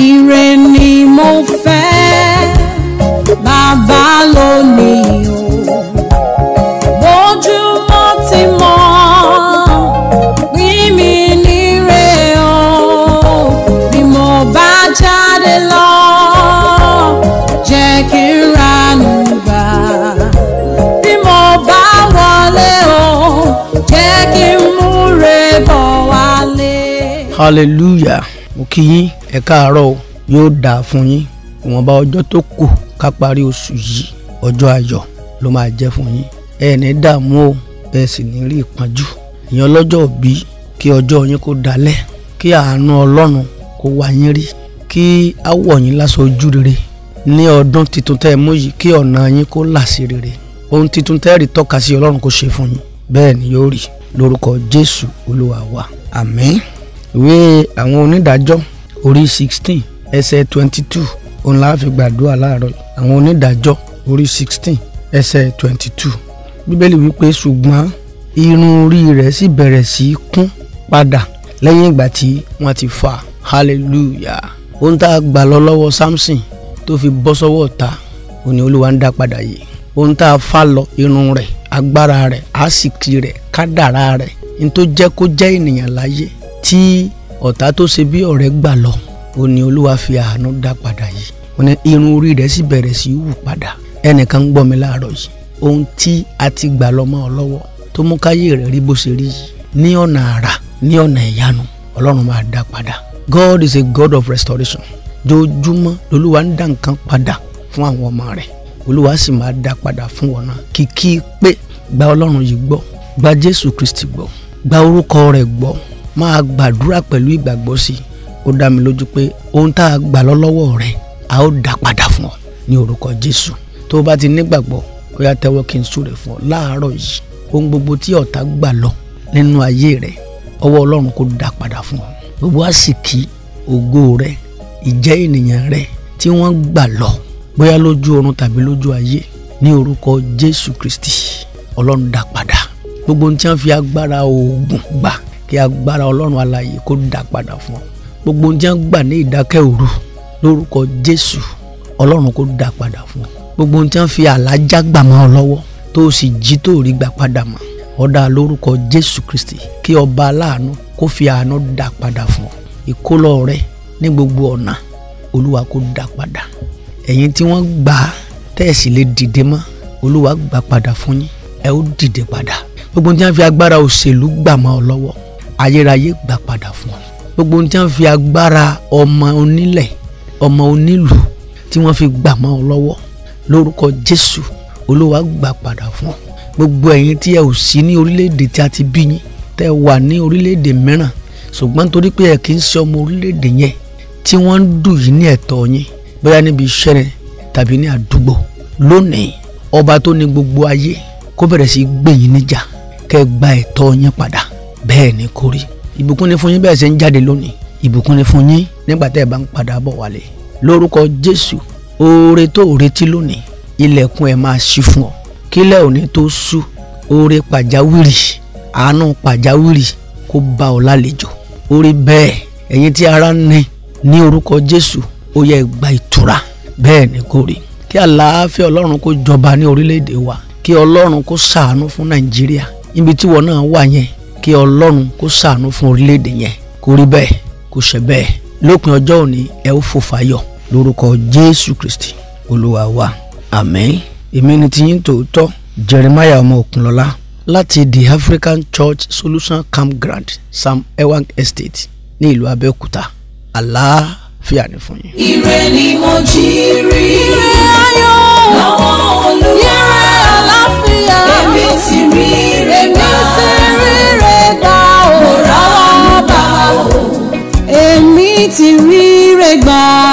Ire ni mo fẹ́ bàbá lónìí o. Bójúmọ́ ti mọ́ pín mi níre o. Bí mo bá jáde lọ, jẹ́ kí n ranú gbà. Bí mo bá wọlé o, jẹ́ kí n múre bọ̀ wálé. Hallelujah, mo kí yín ẹ káàárọ̀ o yóò dáa fún yín ìwọ̀nba ọjọ́ tó kù ká parí oṣù yìí ọjọ́ ayọ̀ ló máa jẹ́ fún yín ẹ ní dààmú o ẹ sì ní rí ìpọ́njú ìyẹn ọlọ́jọ́ bí kí ọjọ́ yín kó dalẹ̀ kí àánú ọlọ́run kó wá yín rí kí á wọ̀ yín láṣọ ojú rere ní ọdún tuntun tẹ́ ẹ mú yìí kí ọ̀nà yín kó là sí rere ohun tuntun tẹ́ rí tọ́ka sí ọlọ́run kó ṣe fún yín bẹ́ẹ̀ ni yóò rí lórúkọ jésù olúwa wa àmín ìwé àwọn onídàájọ́ orí sixteen ẹsẹ̀ twenty two òun la fi gbàdúrà láàárọ̀ àwọn onídàájọ́ orí sixteen ẹsẹ̀ twenty two bíbélì wípé ṣùgbọ́n irun orí rẹ̀ sì bẹ̀rẹ̀ sí í kún padà lẹ́yìn ìgbà tí wọ́n ti fà hallelujah ohun tá a gbà lọ lọ́wọ́ Samson tó fi bọ́ sọ́wọ́ ta òní olúwa ń dá padà yìí ohun tá a fà lọ irun rẹ̀ agbára rẹ̀ àsìkí rẹ̀ kádàrá rẹ̀ ní tó jẹ́ kó jẹ́ ènìyàn láyé tí ọ̀tá tó ṣe bí ọ̀rẹ́ gbà lọ ó ní olúwa fi àánú dá padà yìí wọn ní irun orí rẹ̀ sì bẹ̀rẹ̀ sí í wù padà ẹnìkan ń gbọ́ mi láàárọ̀ yìí ohun tí a ti gbà lọ́mọ ọ tó mú káyé rẹ̀ rí bó ṣe rí yìí ní ọ̀nà àrà ní ọ̀nà ìyanu ọlọ́run máa dá padà God is a God of restoration jojúmọ́ lolúwa ń dá nǹkan padà fún àwọn ọmọ rẹ̀ olúwa sì máa dá padà fún wọn náà kìkì pé gba ọlọ́run yìí gbọ́ gba Jésù Kristi gbọ́ gba orúkọ rẹ̀ gbọ́ máa gbàdúrà pẹ̀lú ìgbàgbọ́ sí i ó dá mi lójú pé ohun tá a gbà lọ́wọ́ rẹ a ó dá padà fún ọ ní orúkọ Jésù tó o bá ti nígbàgbọ́ ó yá tẹ́wọ́ kí n súre fún ọ láàárọ̀ yìí ohun gbogbo tí ọ̀tá gbà lọ nínú ayé rẹ ọwọ́ Ọlọ́run kó dá padà fún ọ gbogbo àsìkí ògo rẹ ìjẹ́ ènìyàn rẹ tí wọ́n gbà lọ bóyá lójú oorun tàbí lójú ayé ní orúkọ Jésù Kristi Ọlọ́run dá padà gbogbo ohun tí wọ́n fi agbára oògùn gbà kí agbára ọlọ́run alààyè kó dà padà fún ọ gbogbo ohun tí wọ́n gbà ní ìdákẹ́ òru lórúkọ jésù ọlọ́run kó dà padà fún ọ gbogbo ohun tí wọ́n fi àlájá gbà mọ́ ọ lọ́wọ́ tó sì jí tó rí gbà padà mọ́ ọ̀dà lórúkọ jésù kristi kí ọba aláàánú kó fi àánú dà padà fún ọ ìkólọ rẹ ní gbogbo ọ̀nà olúwa kó dà padà ẹ̀yin tí wọ́n gbà tẹ̀sí lè dìde mọ́ olúwa gbà padà fún yín ẹ ó dìde padà gbogbo ohun tí fi agbára òṣèlú gbà mọ́ ọ lọ́wọ́ ayérayé gbà padà fún ọ gbogbo ohun tí wọ́n fi agbára ọmọ onílẹ̀ ọmọ onílù tí wọ́n fi gbà mọ́ ọ lọ́wọ́ lórúkọ Jésù olúwa gbà padà fún ọ gbogbo ẹ̀yin tí ẹ ò sí ní orílẹ̀-èdè tí a ti bí yín tẹ́ ẹ wà ní orílẹ̀-èdè mìíràn ṣùgbọ́n torí pé ẹ kì í ṣe ọmọ orílẹ̀ yẹn tí wọ́n ń dù yín ní ẹ̀tọ́ yín bóyá níbi iṣẹ́ rẹ tàbí ní àdúgbò lónìí ọba tó ní gbogbo ayé kó bẹ̀rẹ̀ sí gbè níjà kẹ́ gba ẹ̀tọ́ yín padà bẹ́ẹ̀ ni kò rí ìbùkún ni fún yín bẹ́ẹ̀ ṣe ń jáde lónìí ìbùkún ni fún yín nígbà tẹ́ ẹ bá ń padà bọ̀ wálé lórúkọ Jésù oore tó retí lónìí ilẹ̀kùn ẹ̀ máa ṣí fún ọ kílẹ̀ òní tó ṣú oore pàjáwìrì àánú pàjáwìrì kó bá ọ lálejò orí bẹ́ẹ̀ ẹ̀yin tí ara ń ní ní orúkọ Jésù ó yẹ gba ìtura bẹ́ẹ̀ ni kò rí kí àlàáfíà Ọlọ́run kó jọba ní orílẹ̀-èdè wa kí Ọlọ́run kó ṣàánú fún Nàìjíríà níbi tí wọn náà wà yẹn kí ọlọ́run kó ṣàánú fún orílẹ̀-èdè yẹn kó rí bẹ́ẹ̀ kó ṣe bẹ́ẹ̀ lópin ọjọ́ òní ẹ ó fò fáyọ̀ lórúkọ jésù kristi olúwa wa àmín èmi ni tiyín tòótọ́ jeremiah ọmọ òkunlọ́lá láti the african church solution camp campground sam ewang estate ní ìlú abẹ́òkúta àlàáfíà ni fún yín. ire ni mo jí rí. mi ti ríre gbà.